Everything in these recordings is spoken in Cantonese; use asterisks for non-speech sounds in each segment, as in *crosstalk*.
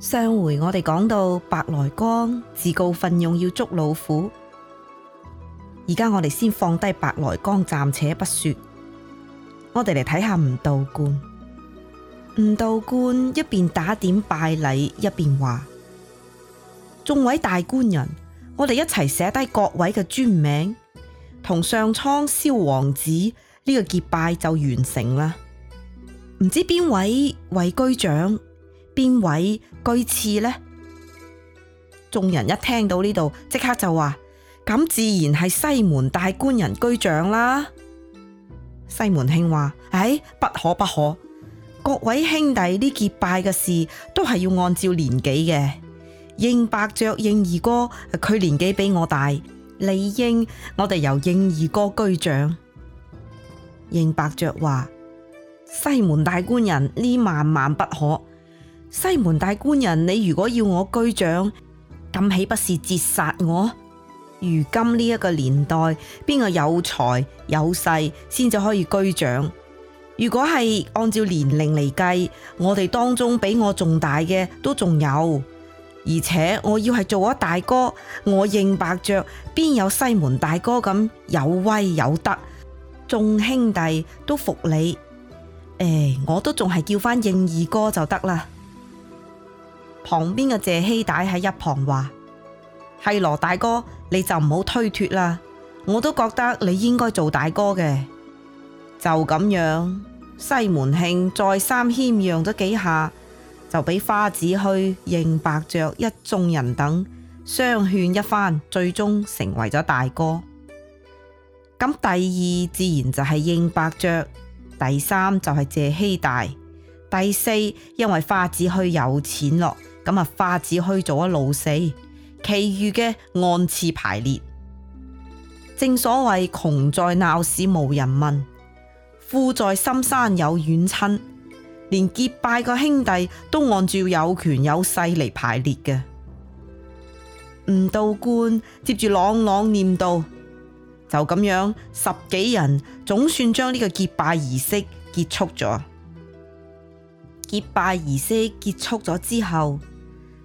上回我哋講到白來江自告奮勇要捉老虎，而家我哋先放低白來江暫且不說，我哋嚟睇下吳道觀。吳道觀一邊打點拜禮，一邊話：眾位大官人，我哋一齊寫低各位嘅尊名，同上蒼燒黃紙呢個結拜就完成啦。唔知邊位位居長，邊位？居次呢，眾人一聽到呢度，即刻就話：咁自然係西門大官人居長啦。西門慶話：哎，不可不可，各位兄弟呢，結拜嘅事都係要按照年紀嘅。應伯爵、應二哥，佢年紀比我大，理應我哋由應二哥居長。應伯爵話：西門大官人呢，萬萬不可。西門大官人，你如果要我居長，咁豈不是折殺我？如今呢一個年代，邊個有才有勢，先就可以居長。如果係按照年齡嚟計，我哋當中比我仲大嘅都仲有，而且我要係做咗大哥，我應伯爵邊有西門大哥咁有威有德，眾兄弟都服你。誒、哎，我都仲係叫翻應二哥就得啦。旁邊嘅謝希大喺一旁話：係羅大哥，你就唔好推脱啦。我都覺得你應該做大哥嘅。就咁樣，西門慶再三謙讓咗幾下，就俾花子虛、應伯爵、一眾人等相勸一番，最終成為咗大哥。咁第二自然就係應伯爵，第三就係謝希大，第四因為花子虛有錢咯。咁啊，花子虛做咗老四，其餘嘅按次排列。正所謂窮在鬧市無人問，富在深山有遠親。連結拜個兄弟都按照「有權有勢」嚟排列嘅。吳道官接住朗朗念道：就咁樣，十幾人總算將呢個結拜儀式結束咗。結拜儀式結束咗之後。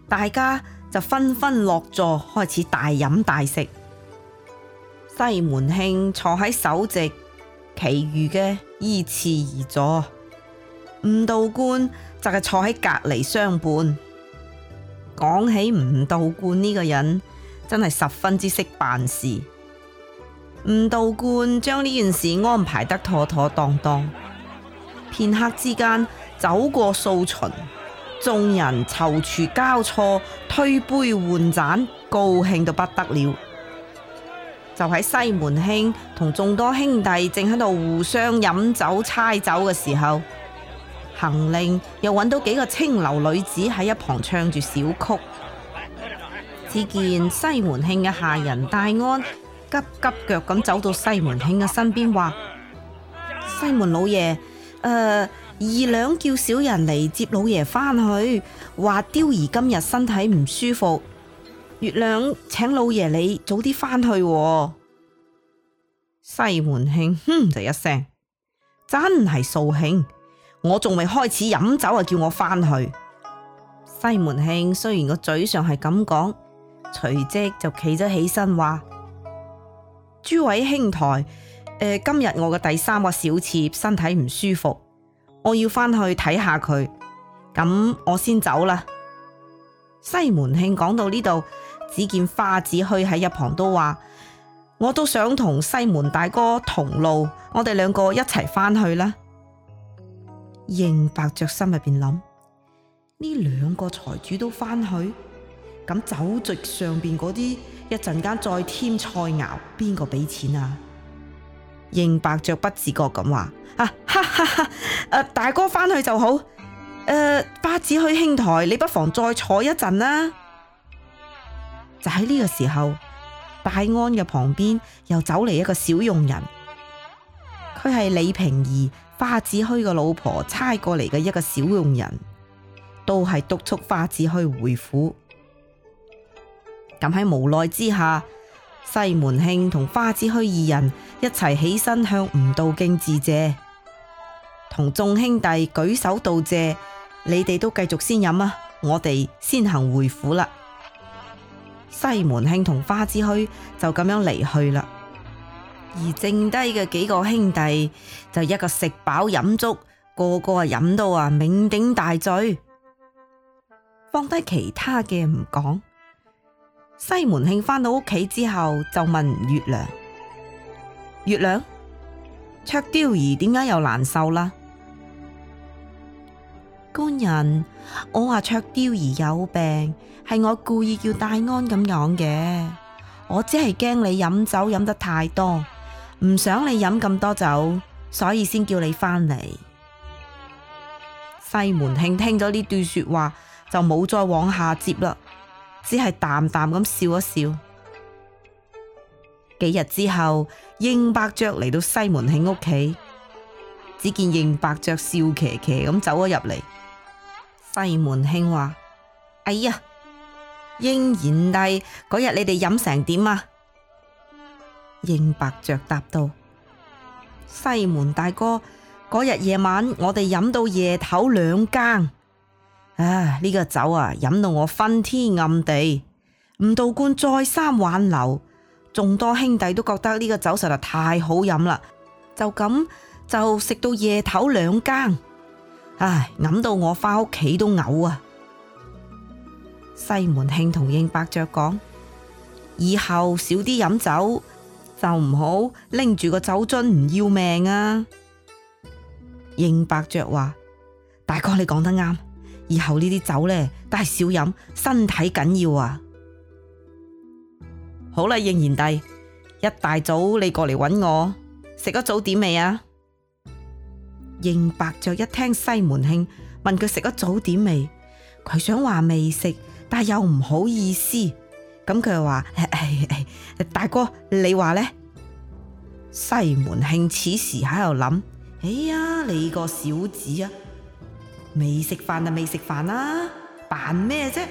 大家就紛紛落座，開始大飲大食。西門慶坐喺首席，其餘嘅依次而坐。吳道官就係坐喺隔籬相伴。講起吳道官呢個人，真係十分之識辦事。吳道官將呢件事安排得妥妥當當，片刻之間走過數巡。眾人觥籌交錯，推杯換盞，高興到不得了。就喺西門慶同眾多兄弟正喺度互相飲酒猜酒嘅時候，行令又揾到幾個青樓女子喺一旁唱住小曲。只見西門慶嘅下人戴安，急急腳咁走到西門慶嘅身邊，話：西門老爺，誒、呃。二兩叫小人嚟接老爺返去，話雕兒今日身體唔舒服。月娘請老爺你早啲返去喎。西門慶哼就一聲，真係掃興！我仲未開始飲酒啊，叫我返去。西門慶雖然個嘴上係咁講，隨即就企咗起身話：諸位兄台，呃，今日我嘅第三個小妾身體唔舒服。我要返去睇下佢，咁我先走啦。西門慶講到呢度，只見花子虛喺一旁都話：我都想同西門大哥同路，我哋兩個一齊返去啦。應伯爵心入邊諗：呢兩個財主都返去，咁酒席上邊嗰啲一陣間再添菜餚，邊個俾錢啊？應伯爵不自覺咁話：啊，哈哈哈，誒、啊，大哥翻去就好，誒、呃，花子虛兄台，你不妨再坐一陣啦。就喺呢個時候，大安嘅旁邊又走嚟一個小傭人，佢係李平兒、花子虛嘅老婆差過嚟嘅一個小傭人，都係督促花子虛回府。咁喺無奈之下。西門慶同花子虛二人一齊起，起身向吳道敬致謝，同眾兄弟舉手道謝。你哋都繼續先飲啊，我哋先行回府啦。西門慶同花子虛就咁樣離去啦。而剩低嘅幾個兄弟就一個食飽飲足，個個啊飲到啊酩酊大醉，放低其他嘅唔講。西門慶返到屋企之後，就問月娘：「月娘，卓雕兒點解又難受啦？官人，我話卓雕兒有病，係我故意叫戴安咁講嘅。我只係驚你飲酒飲得太多，唔想你飲咁多酒，所以先叫你返嚟。」西門慶聽咗呢段說話，就冇再往下接啦。只係淡淡咁笑一笑。幾日之後，應伯爵嚟到西門慶屋企，只見應伯爵笑騎騎咁走咗入嚟。西門慶話：哎呀，應賢弟，嗰日你哋飲成點啊？應伯爵答道：西門大哥，嗰日夜晚我哋飲到夜頭兩更。唉，呢個酒啊，飲到我昏天暗地。吳道官再三挽留，眾多兄弟都覺得呢個酒實在太好飲啦，就咁就食到夜頭兩更。唉，飲到我返屋企都嘔啊！西門慶同應伯爵講：以後少啲飲酒，就唔好拎住個酒樽唔要命啊！應伯爵話：大哥，你講得啱。以後呢啲酒呢，都係少飲，身體緊要啊！好啦，應賢弟，一大早你過嚟搵我，食咗早點未啊？應伯爵一聽西門慶問佢食咗早點未，佢想話未食，但又唔好意思，咁佢又話：大哥，你話呢？西門慶此時喺度諗：哎呀，你個小子啊！未食飯就未食飯啦，扮咩啫？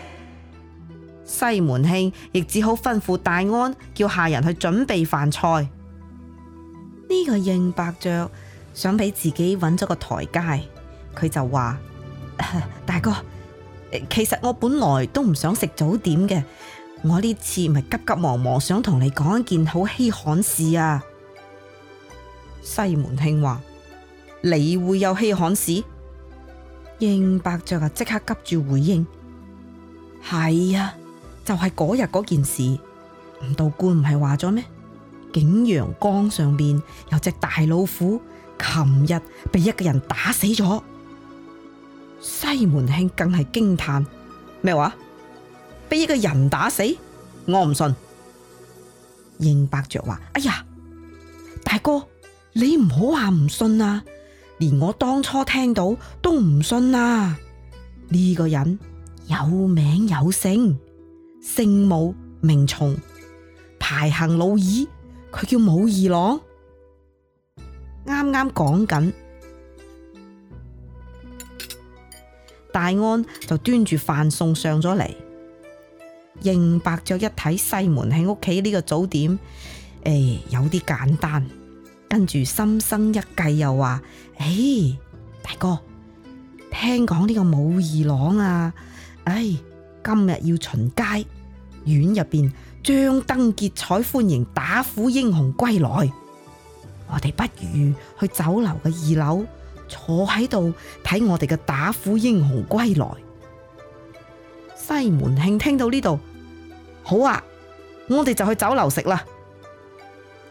西門慶亦只好吩咐大安叫下人去準備飯菜。呢個應伯爵想俾自己揾咗個台階，佢就話： *laughs* 大哥，其實我本來都唔想食早點嘅，我呢次唔係急急忙忙想同你講一件好稀罕事啊！西門慶話：你會有稀罕事？應伯爵啊，即刻急住回應：係啊，就係嗰日嗰件事，吳道官唔係話咗咩？景陽岡上邊有隻大老虎，琴日俾一個人打死咗。西門慶更係驚嘆：咩話？俾一個人打死，我唔信。應伯爵話：哎呀，大哥，你唔好話唔信啊！連我當初聽到都唔信啦。呢、這個人有名有姓，姓武名松，排行老二，佢叫武二郎。啱啱講緊，大安就端住飯送上咗嚟。應伯爵一睇，西門慶屋企呢個早點，誒、哎，有啲簡單。跟住心生一計，又話：誒，大哥，聽講呢個武二郎啊，哎，今日要巡街，院入邊張燈結彩歡迎打虎英雄歸來。我哋不如去酒樓嘅二樓坐喺度睇我哋嘅打虎英雄歸來。西門慶聽到呢度，好啊，我哋就去酒樓食啦。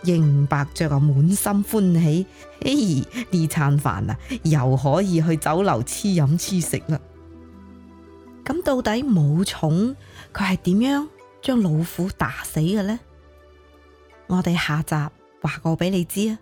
應白着啊，滿心歡喜，呢餐飯啊，又可以去酒樓黐飲黐食啦。咁到底冇松佢係點樣將老虎打死嘅呢？我哋下集話過俾你知啊。